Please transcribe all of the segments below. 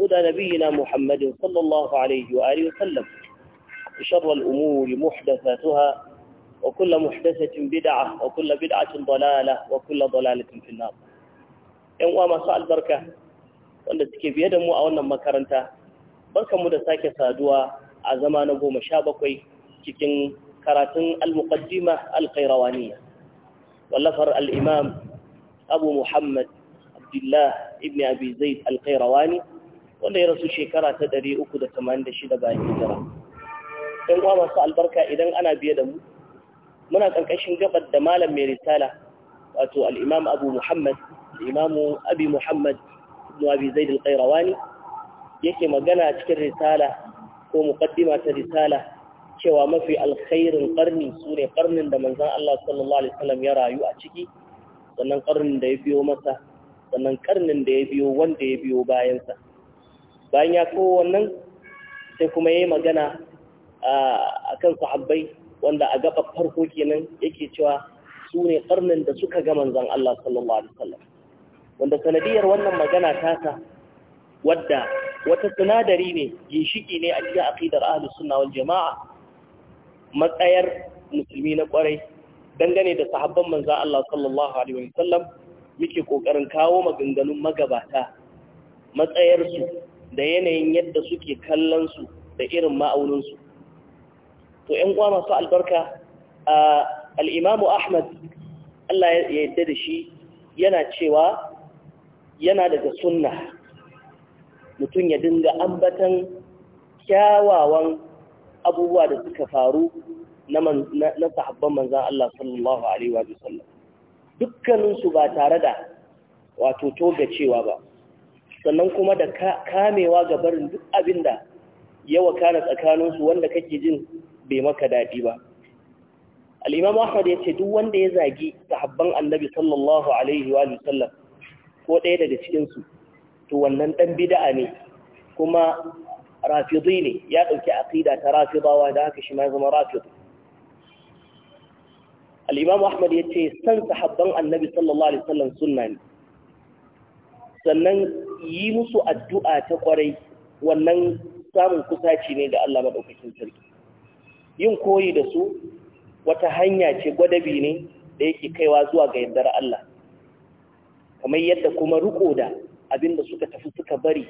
هدى نبينا محمد صلى الله عليه وآله وسلم شر الأمور محدثاتها وكل محدثة بدعة وكل بدعة ضلالة وكل ضلالة في النار ‘yan uwa masu albarka wanda suke biye da mu a wannan makaranta mu da sake saduwa a zama na goma sha bakwai cikin karatun al-muqaddima al-qayrawaniya al-imam abu muhammad abdullah ibn wanda ya rasu shekara ta 386 bayan hijira dan uwa masu albarka idan ana biye da mu muna ƙarƙashin gabar da malam mai risala wato al Abu Muhammad imamu Abi Muhammad ibn Abi Zaid al-Qayrawani yake magana cikin risala ko muqaddima ta risala cewa mafi alkhairin karni sune karnin da manzan Allah sallallahu alaihi wasallam ya rayu a ciki sannan karnin da ya biyo masa sannan karnin da ya biyo wanda ya biyo bayansa bayan ya kawo wannan sai kuma ya yi magana a kan sahabbai wanda a gaba farko kenan yake cewa su ne karnin da suka ga manzan Allah sallallahu alaihi wasallam wanda sanadiyar wannan magana tasa wadda wata sinadari ne ginshiki ne a cikin aqidar ahlus sunna wal jamaa matsayar musulmi na kwarai dangane da sahabban manzan Allah sallallahu alaihi wasallam muke kokarin kawo maganganun magabata matsayarsu da yanayin yadda suke kallon da irin ma'auninsu to ‘yan kwa masu albarka a al'imamu ahmad Allah ya yadda da shi yana cewa yana daga sunna mutum ya dinga ambatan kyawawan abubuwa da suka faru na sahabban manzan Allah sallallahu Alaihi wasallam dukkaninsu ba tare da wato toga cewa ba sannan kuma da kamewa ga barin duk abin da yawa kana tsakaninsu wanda kake jin bai maka daɗi ba al'imam ahmad ya ce duk wanda ya zagi sahabban annabi sallallahu alaihi wa sallam ko ɗaya daga cikinsu to wannan ɗan bida'a ne kuma rafidi ne ya ɗauki aƙida ta rafidawa da haka shi ma zama rafidi al'imam ahmad ya ce san sahabban annabi sallallahu alaihi wa sallam sunna ne sannan yi musu addu'a ta kwarai wannan samun kusaci ne da Allah maɗaukakin sarki yin koyi da su wata hanya ce gwadabi ne da yake kaiwa zuwa ga yardar Allah kamar yadda kuma riko da abinda suka tafi suka bari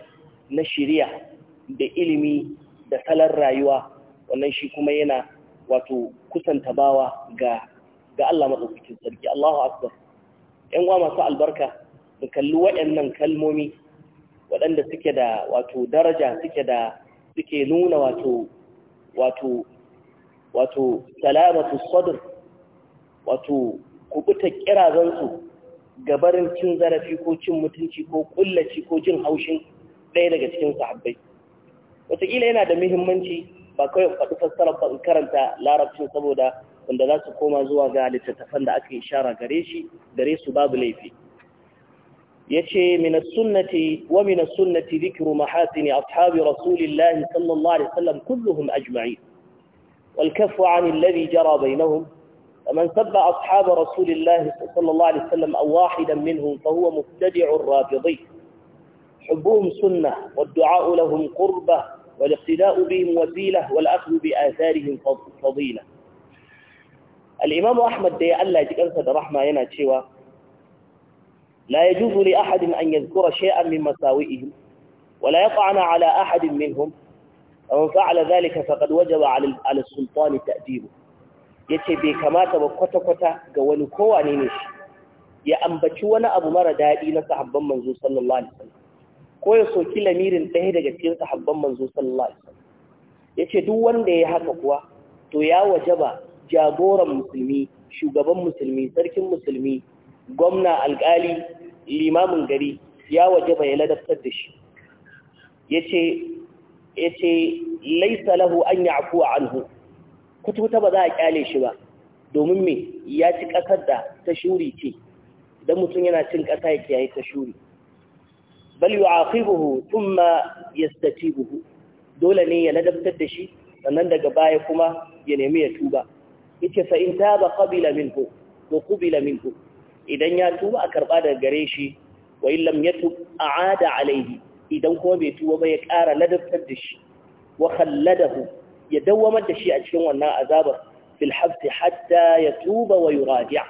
na shirya da ilimi da salon rayuwa wannan shi kuma yana wato kusanta bawa ga Allah maɗaukakin sarki Allahu akbar yan'uwa masu albarka su kalli waɗannan kalmomi waɗanda suke da wato daraja suke da suke nuna wato wato wato salamatu sadr wato kubuta kirazansu gabarin cin zarafi ko cin mutunci ko kullaci ko jin haushin ɗaya daga cikin sahabbai wataƙila yana da muhimmanci ba kawai faɗi fassarar ba in karanta larabcin saboda wanda za su koma zuwa ga littattafan da aka yi shara gare shi gare su babu laifi yace min as-sunnati wa min as-sunnati dhikru الله ashabi rasulillahi sallallahu وسلم wasallam kulluhum ajma'in wal kaffu 'an alladhi jara فمن سب أصحاب رسول الله صلى الله عليه وسلم أو واحدا منهم فهو مبتدع رافضي حبهم سنة والدعاء لهم قربة والاقتداء بهم وسيلة والأخذ بآثارهم فضيلة الإمام أحمد دي ألا يجب أنسى رحمة ينا لا يجوز لأحد أن يذكر شيئا من مساوئهم ولا يطعن على أحد منهم ومن فعل ذلك فقد وجب على على السلطان تأديبه yace bai kamata ba kwata-kwata ga wani kowa ne shi ya ambaci wani abu mara daɗi na sahabban manzo sallallahu alaihi wasallam ko ya soki lamirin ɗaya daga cikin sahabban manzo sallallahu alaihi wasallam yace duk wanda ya haka kuwa to ya wajaba jagoran musulmi shugaban musulmi sarkin musulmi gwamna alkali limamin gari ya waje bai ladabtar da shi ya ce laisa lahu an ya afu a anhu kututa ba za a kyale shi ba domin me ya ci ƙasar da ta shuri ce idan mutum yana cin ƙasa ya kiyaye ta shuri bal yi ya thumma buhu. dole ne ya ladabtar da shi sannan daga baya kuma ya nemi ya tuba yace fa in taba qabila ko wa qubila minhu idan ya tuba a karba daga gare shi wa illam yatub aada alaihi idan kuma bai tuba ba ya ƙara ladabtar da shi wa khalladahu ya dawwamar da shi a cikin wannan azabar fil hafsi hatta ya tuba wa yuraji'a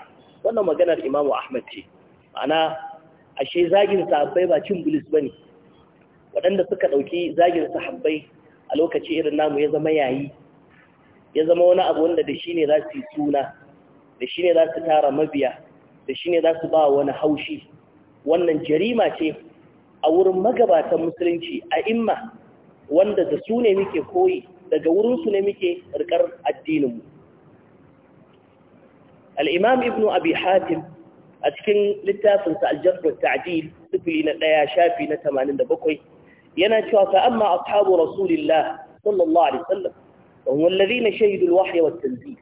wannan maganar imamu ahmad ce ma'ana ashe zagin sahabbai ba cin bilis bane waɗanda suka ɗauki zagin sahabbai a lokaci irin namu ya zama yayi ya zama wani abu wanda da shi ne za su yi suna da shi ne za su tara mabiya da shi ne za su ba wani haushi wannan jarima ce a wurin magabatan musulunci a imma wanda da su ne muke koyi daga wurinsu ne muke rikar addininmu al'imam ibn abi hatim a cikin littafinsa aljarbar ta'adil sifili na ɗaya shafi na tamanin da bakwai yana cewa fa amma ashabu rasulillah sallallahu alaihi Sallam wa huwa na shahidu alwahya wat tanzil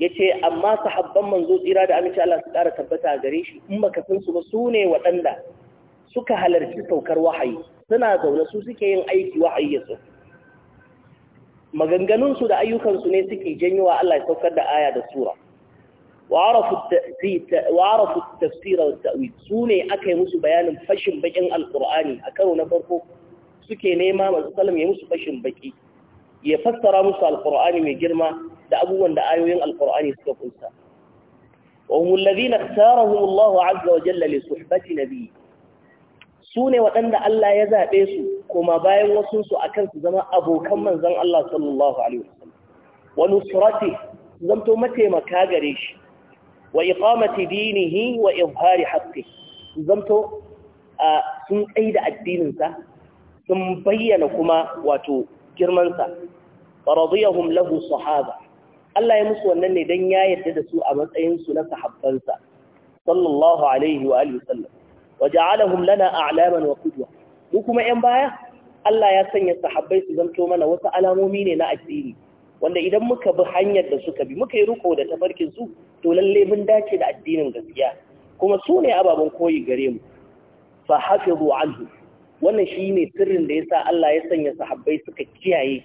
ya ce amma sahabban manzo tsira da amince Allah su ƙara tabbata gare shi in baka san su ba su ne waɗanda suka halarci saukar wahayi suna zaune su suke yin aiki wahayi ya maganganunsu da ayyukansu ne suke janyo wa Allah ya saukar da aya da sura arafu tafsira wa ta'wil su ne aka yi musu bayanin fashin bakin alkur'ani a karo na farko suke nema masu salam ya musu fashin baki ya fassara musu alkur'ani mai girma da abubuwan da ayoyin alkur'ani suka kunsa وهم الذين اختارهم الله عز وجل لصحبة نبيه su ne waɗanda Allah ya zaɓe su kuma bayan wasunsu a kan su zama abokan manzon Allah sallallahu Alaihi wasallam wani surati zamto mataimaka gare shi wa iqamati dinihi wa izhari haqqi zamto sun tsaida addininsa sun bayyana kuma wato girmansa faradiyahum lahu sahaba Allah ya musu wannan ne don ya yarda da su a matsayinsu na sahabbansa sallallahu alaihi wa alihi sallam wa ja'alahum lana a'laman wa mu kuma yan baya Allah ya sanya sahabbai su zanto mana wasu alamomi ne na addini wanda idan muka bi hanyar da suka bi muka yi riko da tafarkin su to lalle mun dace da addinin gaskiya kuma su ne ababen koyi gare mu fa hafizu anhu wannan ne sirrin da yasa Allah ya sanya sahabbai suka kiyaye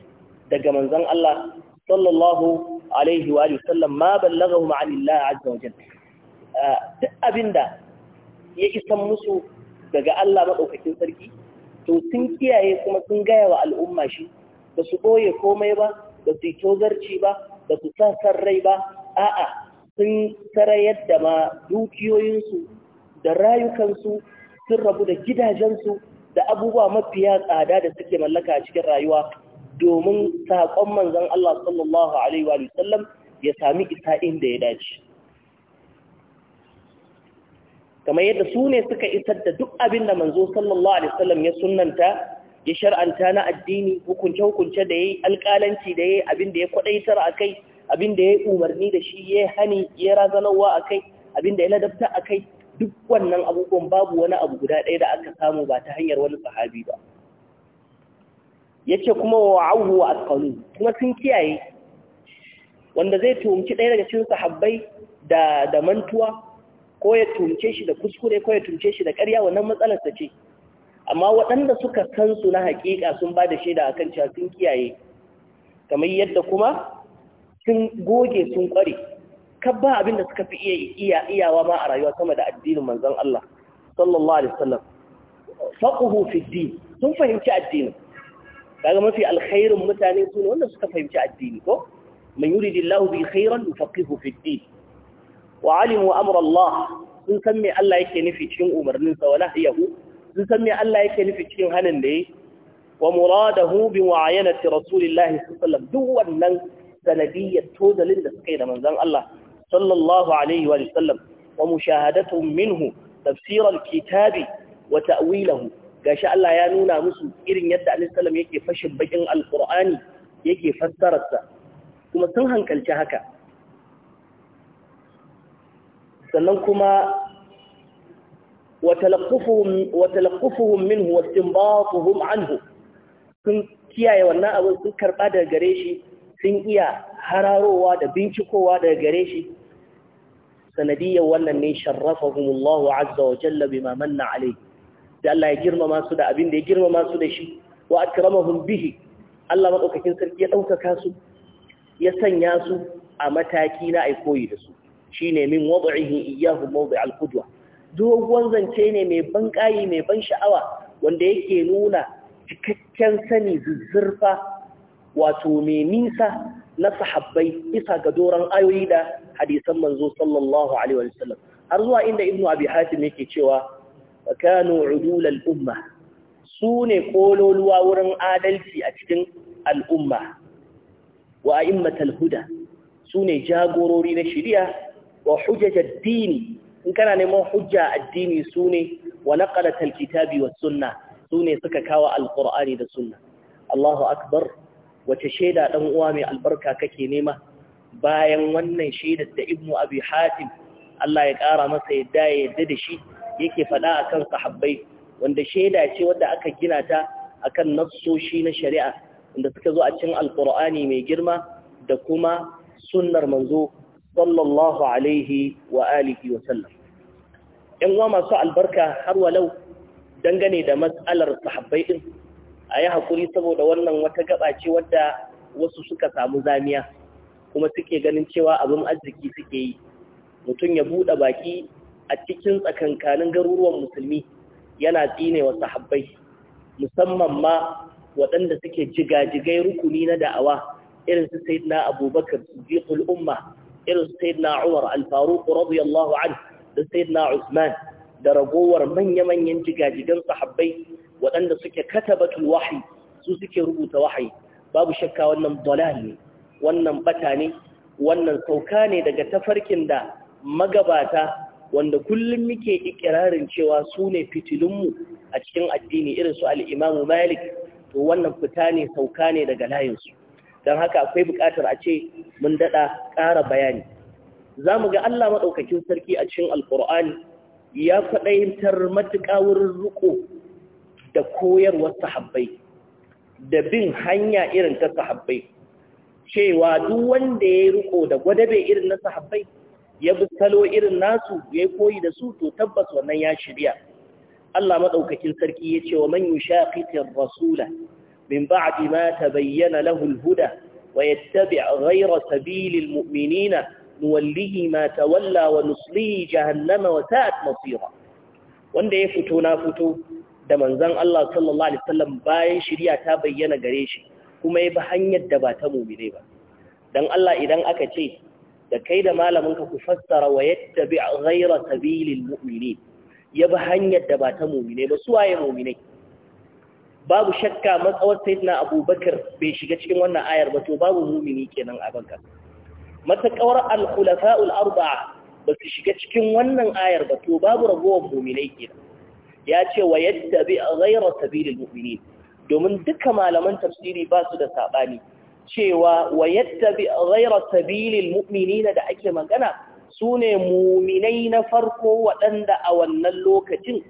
daga manzon Allah sallallahu alaihi wa sallam ma ballagahum an Allah azza wa jalla ah, duk abinda ya isan musu daga Allah madaukakin sarki to sun kiyaye kuma sun gaya wa al'umma shi ba su ɓoye komai ba ba su yi tozarci ba ba su sa san rai ba a'a sun sarayar da ma dukiyoyinsu da rayukansu sun rabu da gidajensu da abubuwa mafiya tsada da suke mallaka a cikin rayuwa domin saƙon manzan Allah sallallahu Alaihi ya sami isa inda ya dace. Kamar yadda su ne suka isar da duk abin da manzo sallallahu Alaihi wasallam ya sunanta, ya shar'anta na addini, hukunce-hukunce da ya yi alƙalanci da ya yi abin da ya kwaɗaitar a kai, abin da ya yi umarni da shi ya hani ya razanarwa a kai, abin da ya ladabta a kai, duk wannan abubuwan babu wani abu guda ɗaya da aka samu ba ta hanyar wani sahabi ba. yace kuma wa awu wa asqalu kuma sun kiyaye wanda zai tumci ɗaya daga cin sahabbai da mantuwa ko ya tumce shi da kuskure ko ya tumce shi da ƙarya wannan matsalar ta ce amma waɗanda suka san su na haƙiƙa sun ba da shaida kan cewa sun kiyaye kamar yadda kuma sun goge sun ƙware kabba abin da suka fi iya iyawa ma a rayuwa sama da addinin manzon Allah sallallahu alaihi wasallam faqhu fi din sun fahimci addinin kaga mafi alkhairin mutane su ne wanda suka fahimci addini ko man yuridillahu bi khairan yufaqihu fi din wa alimu amra Allah sun san me Allah yake nufi cikin umarnin sa wala yahu sun san me Allah yake nufi cikin hanin da yi wa muradahu bi muayanati rasulillahi sallallahu alaihi wasallam duk wannan sanadiyyar tozalin da suka yi da manzon Allah sallallahu alaihi wa sallam wa mushahadatu minhu tafsir alkitabi wa ta'wilahu gashi Allah ya nuna musu irin yadda alisalam yake fashin bakin Alqur'ani yake fassararsa kuma sun hankalci haka sannan kuma wa talaqqufuhum minhu wa istinbatuhum anhu sun kiyaye wannan abun sun karba daga gare shi sun iya hararowa da bincikowa daga gare shi sanadiyyar wannan ne sharrafahum Allah azza wa jalla bima manna alayhi sai Allah ya girmama su da abin da ya girmama su da shi wa akramahum bihi Allah madaukakin sarki ya ɗaukaka su ya sanya su a mataki na ai koyi da su shine min wad'ihi iyyahu mawdi' al-qudwa dogon zance ne mai ban ƙayi mai ban sha'awa wanda yake nuna cikakken sani zuzzurfa wato mai nisa na sahabbai isa ga doron ayoyi da hadisan manzo sallallahu alaihi wasallam har zuwa inda ibnu abi hatim yake cewa wa kanu udulal umma su ne kololuwa wurin adalci a cikin al'umma wa a'immatal huda su ne jagorori na shari'a wa hujjajad dini in kana neman hujja addini su ne wa naqalatal kitabi was sunna su ne suka kawo alqur'ani da sunna Allahu akbar wace sheda dan uwa mai albarka kake nema bayan wannan shedar da ibnu Abi Hatim Allah ya kara masa yadda ya yadda da shi yake faɗa akan sahabbai wanda shaida ce wadda aka gina ta a kan nassoshi na shari'a wanda suka zo a cikin alqur'ani mai girma da kuma sunnar manzo sallallahu alaihi wa alihi wa sallam yan uwa masu albarka har walau dangane da matsalar sahabbai din ayi hakuri saboda wannan wata gaba ce wadda wasu suka samu zamiya kuma suke ganin cewa abin arziki suke yi mutum ya buɗe baki a cikin tsakankanin garuruwan musulmi yana tsine wa sahabbai musamman ma waɗanda suke jigajigai rukuni na da'awa irin su na abubakar siddiqul umma irin su na umar alfaruk faruq radiyallahu anhu da na usman da ragowar manya-manyan jigajigan sahabbai waɗanda suke katabatul wahyi su suke rubuta wahayi babu shakka wannan dalal ne wannan bata ne wannan sauka ne daga tafarkin da magabata wanda kullum muke ikirarin cewa su ne fitilunmu a cikin addini irin su al'imamu malik to wannan fita ne sauka ne daga layinsu don haka akwai buƙatar a ce mun daɗa ƙara bayani za mu ga Allah maɗaukakin sarki a cikin alƙur'ani ya faɗayantar matuƙa wurin riƙo da koyarwar sahabbai da bin hanya irin ta sahabbai cewa duk wanda ya yi riƙo da gwadabe irin na sahabbai ya bi salo irin nasu ya yi koyi da su to tabbas wannan ya shirya Allah madaukakin sarki ya ce wa man yushaqitir rasula min ba'di ma tabayyana lahu al-huda wa yattabi' ghayra sabilil mu'minina nuwallihi ma tawalla wa nuslihi jahannama wa sa'at masira wanda ya fito na fito da manzon Allah sallallahu alaihi wasallam bayan shirya ta bayyana gare shi kuma ya bi hanyar da ba ta mu'mine ba dan Allah idan aka ce da kai da malaminka ku fassara wa yattabi ghayra sabilil mu'minin ya bi hanyar da ba ta mu'mine ba su waye mu'mine babu shakka matsawar sayyidina abubakar bai shiga cikin wannan ayar ba to babu mu'mini kenan a banka matakawar al-khulafa'ul arba'a ba su shiga cikin wannan ayar ba to babu ragowar mu'minai kenan ya ce wa yattabi ghayra sabilil mu'minin domin duka malaman tafsiri ba su da sabani cewa wa yattabi ghayra sabilil mu'minina da ake magana sune mu'minai na farko waɗanda a wannan lokacin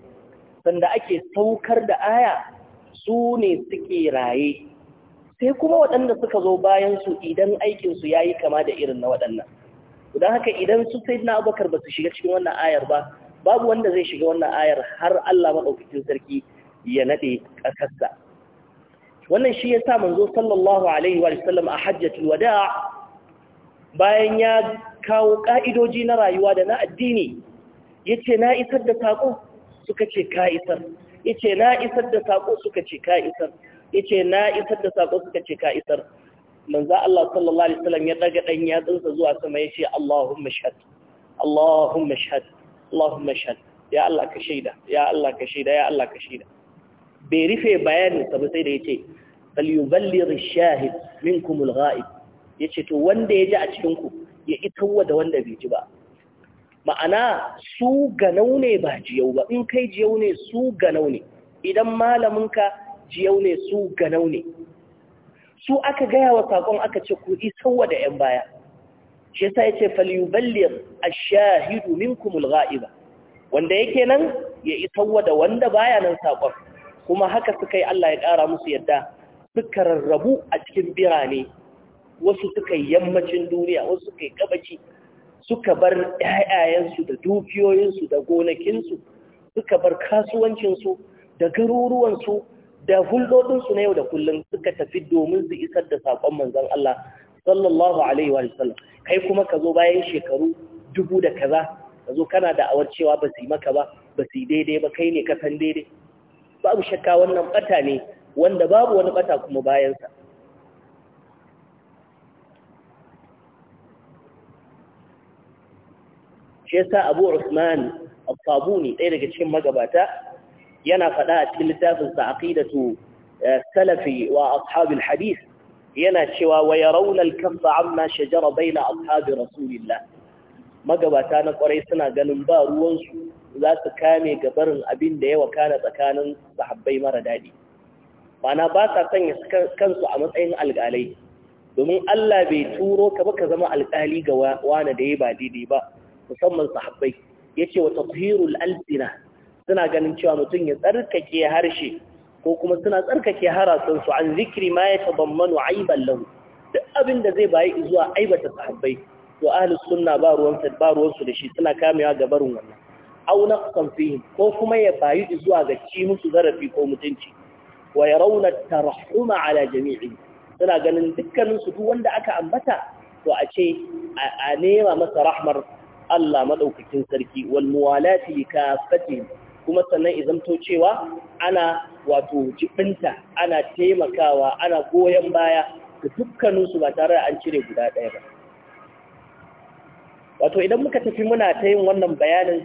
sanda ake saukar da aya sune suke raye sai kuma waɗanda suka zo bayan su idan aikinsu su yayi kama da irin na waɗannan don haka idan su na abokar ba su shiga cikin wannan ayar ba babu wanda zai shiga wannan ayar har Allah madaukakin sarki ya nade ƙasarsa wannan shi ya sa manzo sallallahu alaihi wa sallam a hajjatul wada bayan ya kawo ka'idoji na rayuwa da na addini yace na isar da sako suka ce ka isar yace na isar da sako suka ce ka isar yace na isar da sako suka ce ka isar manzo Allah sallallahu alaihi wasallam ya daga dan yatsunsa zuwa sama yace Allahumma shahad Allahumma shahad Allahumma shahad ya Allah ka shaida ya Allah ka shaida ya Allah ka shaida bai rufe bayanin sa ba sai da yace fal yuballigh ash-shahid minkum al-ghaib yace to wanda ya ji a cikin ku ya itawa da wanda bai ji ba ma'ana su ganau ne ba jiyau ba in kai jiyau ne su ganau ne idan malaminka jiyau ne su ganau ne su aka gaya wa sakon aka ce ku isawa da 'yan baya shi yace, ya ce falyuballir a shahidu wanda yake nan ya ita da wanda baya nan sakon kuma haka suka yi Allah ya ƙara musu yadda suka rarrabu a cikin birane wasu suka yammacin duniya wasu suka yi gabaci suka bar ƴaƴayensu da dukiyoyinsu da gonakinsu suka bar kasuwancinsu da garuruwansu da hulɗoɗinsu na yau da kullum suka tafi domin su isar da saƙon manzon Allah sallallahu alaihi wa sallam kai kuma ka zo bayan shekaru dubu da kaza ka zo kana da awar cewa ba su yi maka ba ba su yi daidai ba kai ne kasan daidai babu shakka wannan bata ne wanda babu wani bata kuma bayansa shi yasa Abu Usman Al-Sabuni ɗaya daga cikin magabata yana faɗa a cikin littafin sa aqidatu eh, salafi wa ashabul hadith yana cewa wa yarawna al-kaffa amma shajara baina ashabi rasulillah magabata na kwarai suna ganin ba ruwansu za su kame gabarin abin da ya wakana tsakanin sahabbai mara daɗi mana ba sa sanya kansu a matsayin alƙalai domin Allah bai turo ka baka zama alƙali ga wani da ya ba daidai ba musamman sahabbai yace wata kuhirul alsina suna ganin cewa mutum ya tsarkake harshe ko kuma suna tsarkake harasan su an zikri ma ya tabammanu aiban lahu duk abin da zai bayi zuwa aibata sahabbai to ahlus sunna ba ruwan da shi suna kamewa gabarin wannan auna naqsan ko kuma ya bayu zuwa ga ci musu zarafi ko mutunci wa raunata, rahuma ala jami'i suna ganin dukkaninsu duk wanda aka ambata to a ce a nema masa rahmar Allah madaukakin sarki wal muwalati kafatihim kuma sannan to cewa ana wato jibinta ana taimakawa ana goyon baya ga dukkaninsu ba tare da an cire guda ɗaya ba wato idan muka tafi muna ta yin wannan bayanin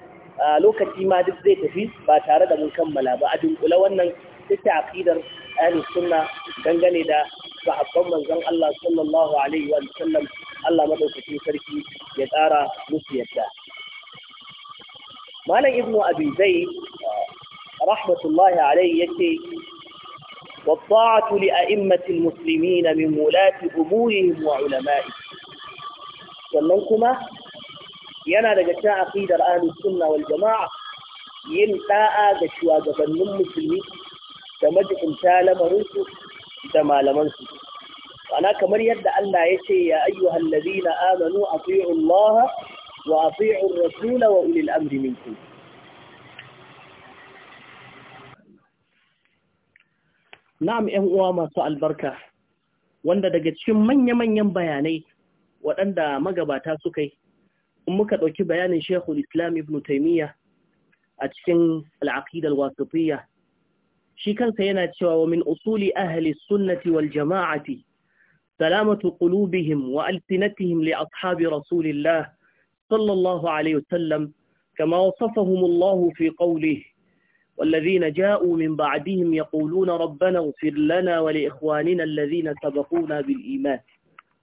lokaci ma duk zai tafi ba tare da mun kammala ba a dunkula wannan ita aqidar ahlus sunna dangane da sahabban manzon Allah sallallahu alaihi wa sallam Allah madaukakin sarki ya tsara musu yadda malam ibnu abi zaid eh, rahmatullahi alaihi yace والطاعة لأئمة المسلمين من ولاة أمورهم ulama'i sannan kuma yana daga cikin aqidar ahlus sunna wal jama'a yin da'a ga shugabannin musulmi da majibinta lamarin su da malaman su ana kamar yadda Allah ya ce ya ayyuhal ladina amanu ati'u Allah wa ati'u ar-rasul wa ulil amri minkum na'am ƴan uwa masu albarka wanda daga cikin manya-manyan bayanai waɗanda magabata suka yi in muka ɗauki bayanin shekul islam ibn taimiyya a cikin al'aqidar wasitiyya shi kansa yana cewa wa min usuli ahli sunnati wal jama'ati salamatu qulubihim wa alsinatihim li ashabi rasulillah sallallahu alaihi wasallam kama wasafahum Allah fi qawlihi والذين جاءوا من بعدهم يقولون ربنا اغفر لنا ولإخواننا الذين سبقونا بالإيمان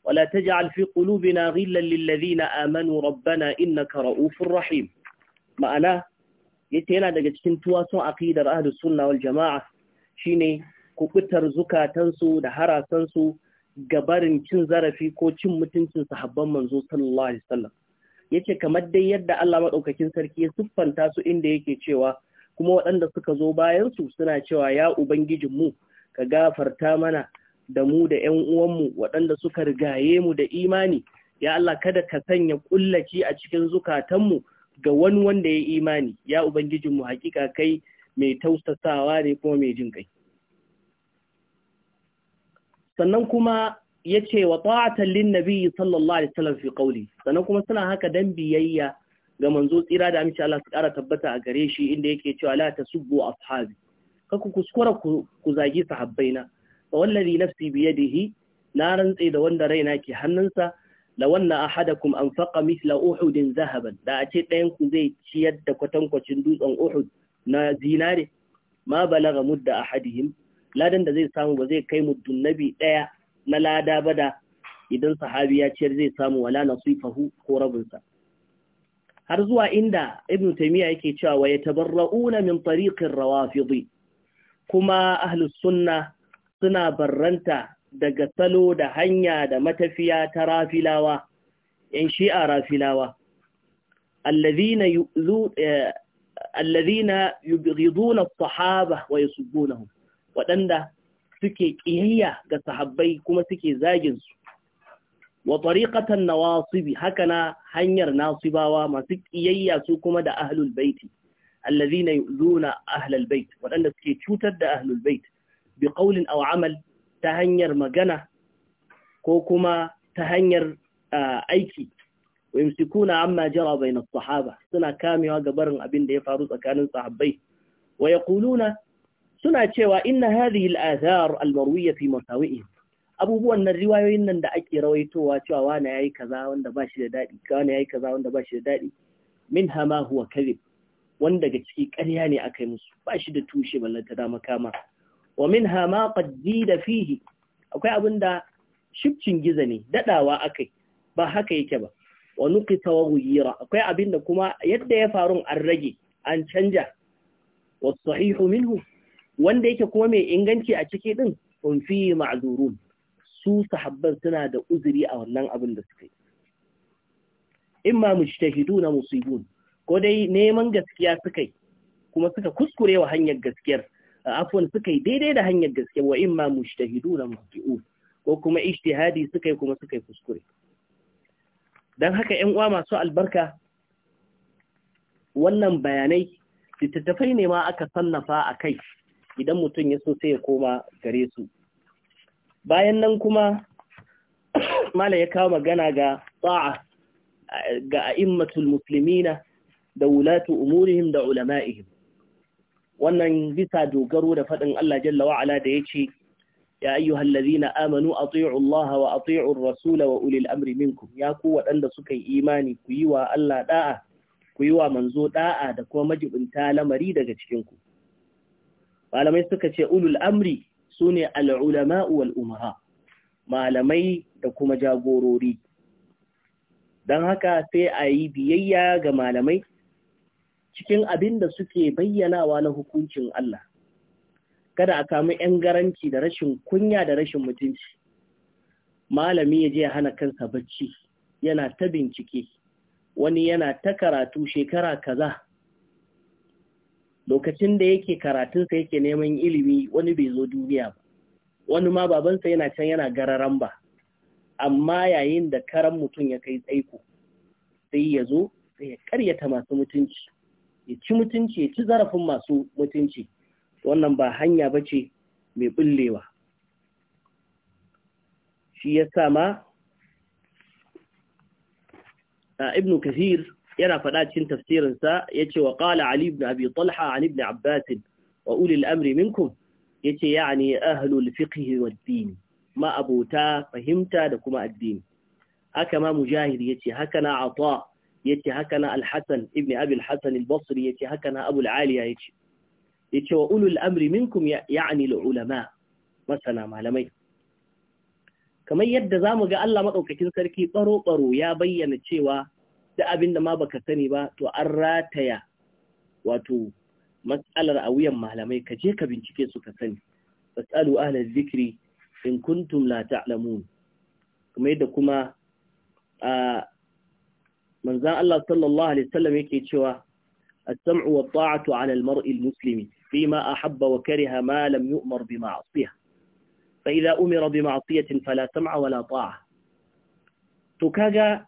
ولا تجعل في قلوبنا غلا للذين آمنوا ربنا إنك رؤوف رحيم ma'ana yace yana daga cikin tuwason aqidar ahlus sunna wal jama'a shine kubutar zukatansu da harasansu gabarin cin zarafi ko cin mutuncin sahabban manzo sallallahu alaihi wasallam yace kamar dai yadda Allah madaukakin sarki ya siffanta su inda yake cewa kuma waɗanda suka zo bayan su suna cewa ya ubangijin mu ka gafarta mana da mu da ‘yan uwanmu waɗanda suka rigaye mu da imani, ya Allah kada ka sanya ƙullaci a cikin zukatanmu ga wani wanda ya imani, ya Ubangijinmu hakika kai mai tausasawa ne kuma mai jin kai. Sannan kuma ya ce wa ta'atan lin nabi sallallahu alaihi wasallam fi qawli sannan kuma suna haka dan biyayya ga manzo tsira da amince Allah su ƙara tabbata a gare shi inda yake cewa la tasubbu ashabi kaku kuskura ku zagi sahabbaina wa wallazi nafsi biyadihi na rantse da wanda raina ke hannunsa la wanna ahadakum anfaqa mithla uhudin zahaban da a ce ɗayan ku zai ciyar da kwatankwacin dutsen uhud na zinare ma balaga mudda ahadihim ladan da zai samu ba zai kai muddun nabi ɗaya na lada ba da idan sahabi ya ciyar zai samu wala nasifahu ko rabinsa har zuwa inda ibn taymiya yake cewa wa yatabarra'una min tariqir rawafidi kuma ahlus sunna suna barranta daga salo da hanya da matafiya ta rafilawa, ‘yan shi'a rafilawa, allazina eh, sahaba wa yasubbunahum waɗanda suke ƙiyayya ga sahabbai kuma suke zagin su wa wasu nawasibi haka na hanyar nasibawa masu ƙiyayya su kuma da ahlul baiti allazina ahlul waɗanda suke cutar da ahlul bait bi ƙaulin aw ta hanyar magana ko kuma ta hanyar aiki wa yumsikuna amma bai na sahaba suna kamewa ga barin abin da ya faru tsakanin sahabbai wa yaquluna suna cewa inna hadhihi al-athar al-marwiya fi masawi'i abubuwan na riwayoyin nan da ake rawaitowa cewa wana yayi kaza wanda ba shi da yayi kaza wanda ba shi da daɗi? Min ma huwa kadhib wanda daga ciki ƙarya ne yi musu ba shi da tushe ballanta da makama wa minha ma qad da fihi akwai abinda shibcin giza ne daɗawa akai ba haka yake ba wa nuqita wa ghuyira akwai abinda kuma yadda ya faru an rage an canja wa sahihu minhu wanda yake kuma mai inganci a ciki ɗin kun fi ma'zurun su sahabban suna da uzuri a wannan abin da suka yi in ma imma na musibun ko dai neman gaskiya suka yi kuma suka kuskure wa hanyar gaskiyar afwan suka yi daidai da hanyar gaske wa imma mujtahidu na muhti'u ko kuma ijtihadi suka yi kuma suka yi kuskure dan haka 'yan uwa masu albarka wannan bayanai littattafai ne ma aka sannafa a kai idan mutum ya so sai ya koma gare su bayan nan kuma malam ya kawo magana ga tsa'a ga a'immatul muslimina da wulatu umurihim da ulama'ihim wannan bisa dogaro da faɗin Allah jalla wa'ala da ya ce, Ya ayyuhal lazina amanu a Allah wa a rasula wa ulil amri minkum, ya ku waɗanda suka yi imani ku yi wa Allah ɗa'a, ku yi wa manzo ɗa'a da kuma majibinta lamari daga cikinku. Malamai suka ce ulul amri su ne al'ulama'u wal umara, malamai da kuma jagorori. Don haka sai a yi biyayya ga malamai cikin abin da suke bayyanawa na hukuncin Allah. Kada a kama ‘yan garanci da rashin kunya da rashin mutunci. Malami ya je ya hana kansa bacci, yana ta bincike, wani yana ta karatu shekara kaza. Lokacin da yake karatunsa yake neman ilimi wani bai zo duniya ba, wani ma babansa yana can yana gararan ba, amma yayin da karan mutum ya kai tsaiko, sai ya zo sai ya karyata masu mutunci. ya ci mutunci ya ci zarafin masu mutunci wannan ba hanya ba ce mai bullewa shi ya sama ibn kathir yana faɗa cikin tafsirinsa ya ce wa ƙala ali ibn abi talha an ibn abbasin wa ulil amri minkum ya ce ya ne ahalul fiqhi wa dini ma abota fahimta da kuma addini haka ma mujahid ya ce haka na ata yace haka na al-Hasan ibn Abi al-Hasan al-Basri yace haka na Abu al-Aliya yace yace wa ulul amri minkum ya'ni al-ulama masana malamai kamar yadda zamu ga Allah madaukakin sarki baro baro ya bayyana cewa da abinda ma baka sani ba to an rataya wato matsalar a wuyan malamai ka je ka bincike su ka sani fasalu ahla dhikri in kuntum la ta'lamun kamar yadda kuma a manzan Allah sallallahu alaihi wasallam yake cewa as-sam'u wa taatu 'ala al-mar'i al-muslimi ma ahabba wa kariha ma lam yu'mar bi ma'siyah fa idha umira bi ma'siyah fala sam'a wala ta'a to kaga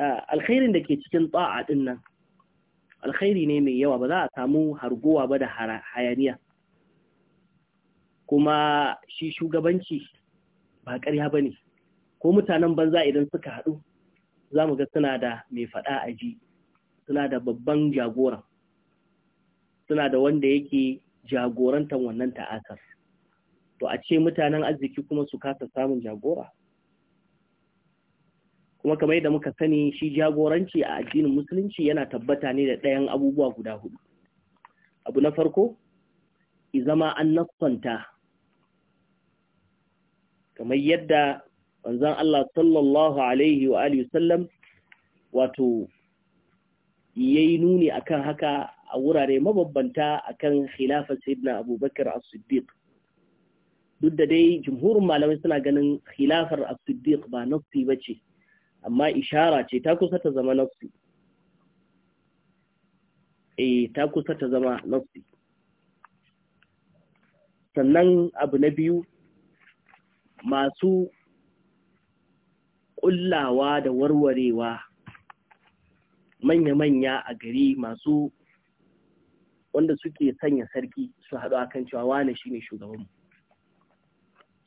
eh, alkhairin da ke cikin ta'a din nan alkhairi ne mai yawa ba za a samu harguwa ba da hayaniya kuma shi shugabanci ba kariya bane ko mutanen banza idan suka haɗu za mu ga suna da mai faɗa a ji suna da babban jagora suna da wanda yake jagorantar wannan ta'asar to a ce mutanen arziki kuma su kasa samun jagora kuma kamar yadda muka sani shi jagoranci a addinin musulunci yana tabbata ne da ɗayan abubuwa guda hudu abu na farko izama an nassanta kamar yadda Wanzan Allah sallallahu Alaihi wa Alihi sallam wato ya yi nuni akan haka a wurare mabambanta akan khilafa Sayyidina Abubakar as-Siddiq duk da dai jumhurin malamai suna ganin khilafar as-Siddiq ba nafsi bace amma ishara ce ta kusa ta zama nafsi eh ta kusa ta zama nafsi sannan abu na biyu masu kullawa da warwarewa manya-manya a gari masu wanda suke sanya sarki su haɗu a kan cewa wane shi ne shugabanmu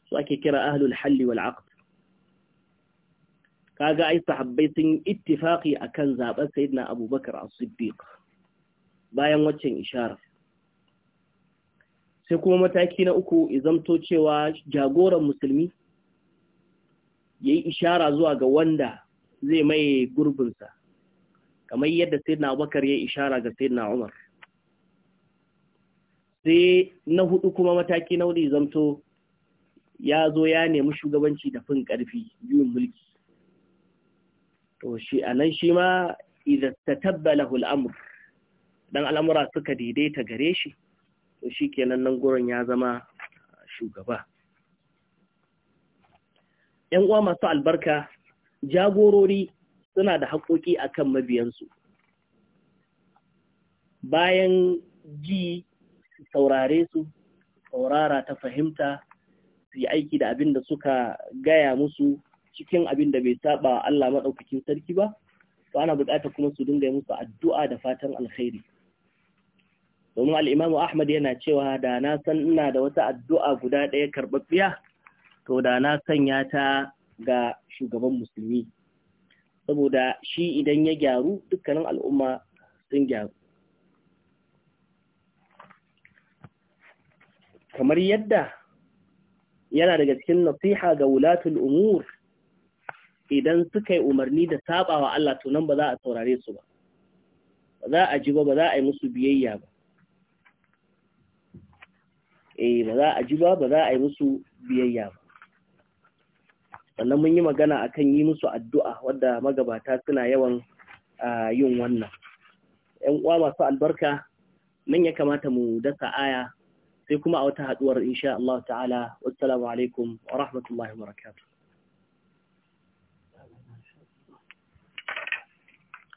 su ake kira ahlul halli wal aqd kaga ai sahabbai sun ittifaqi akan zaben sayyidina abubakar as-siddiq bayan waccan isharar sai kuma mataki na uku izamto cewa jagoran musulmi ya yi ishara zuwa ga wanda zai maye gurbinsa kamar yadda na bakar ya ishara ga na umar sai na hudu kuma mataki na wani zamto ya zo ya nemi shugabanci da fin karfi biyun mulki to shi nan shi ma idan ta tabbala hul'amur dan al'amura suka daidaita gare shi to shi nan gurin ya zama shugaba ‘yan uwa masu albarka jagorori suna da haƙoƙi a kan mabiyansu bayan ji saurare su saurara ta fahimta su yi aiki da abin da suka gaya musu cikin abin da bai saba Allah maɗaukakin sarki ba to ana buƙatar kuma su dinga yi musu addu'a da fatan alkhairi domin al'imamu ahmad yana cewa da na san ina da wata addu'a guda ɗaya karɓaɓɓiya to da na sanya ta ga shugaban musulmi saboda shi idan ya gyaru dukkanin al'umma sun gyaru kamar yadda yana daga cikin nasiha ga wulatul umur idan suka yi umarni da sabawa Allah to nan ba za a saurare su ba ba za a ji ba ba za a yi musu biyayya ba eh ba za a ji ba ba za a yi musu biyayya ba sannan mun yi magana a kan yi musu addu'a wadda magabata suna yawan yin wannan ‘yan uwa masu albarka nan ya kamata mu dasa aya sai kuma a wata haɗuwar insha Allah ta'ala wassalamu alaikum wa rahmatullahi wa barakatuh